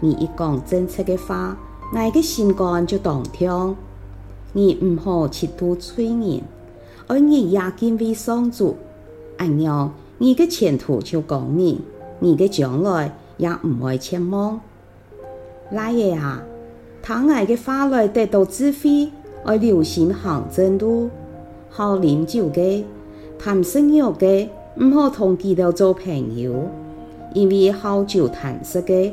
你一講政策嘅話，我嘅心肝就動聽。你唔好企圖催言，而你也兼備雙足，阿娘，你嘅前途就光明，你嘅將來也唔會凄茫。嗱嘢啊，聽我嘅話來得到智慧，愛留心行正路，好飲酒嘅、談生意嘅唔好同佢哋做朋友，因為好酒談識嘅。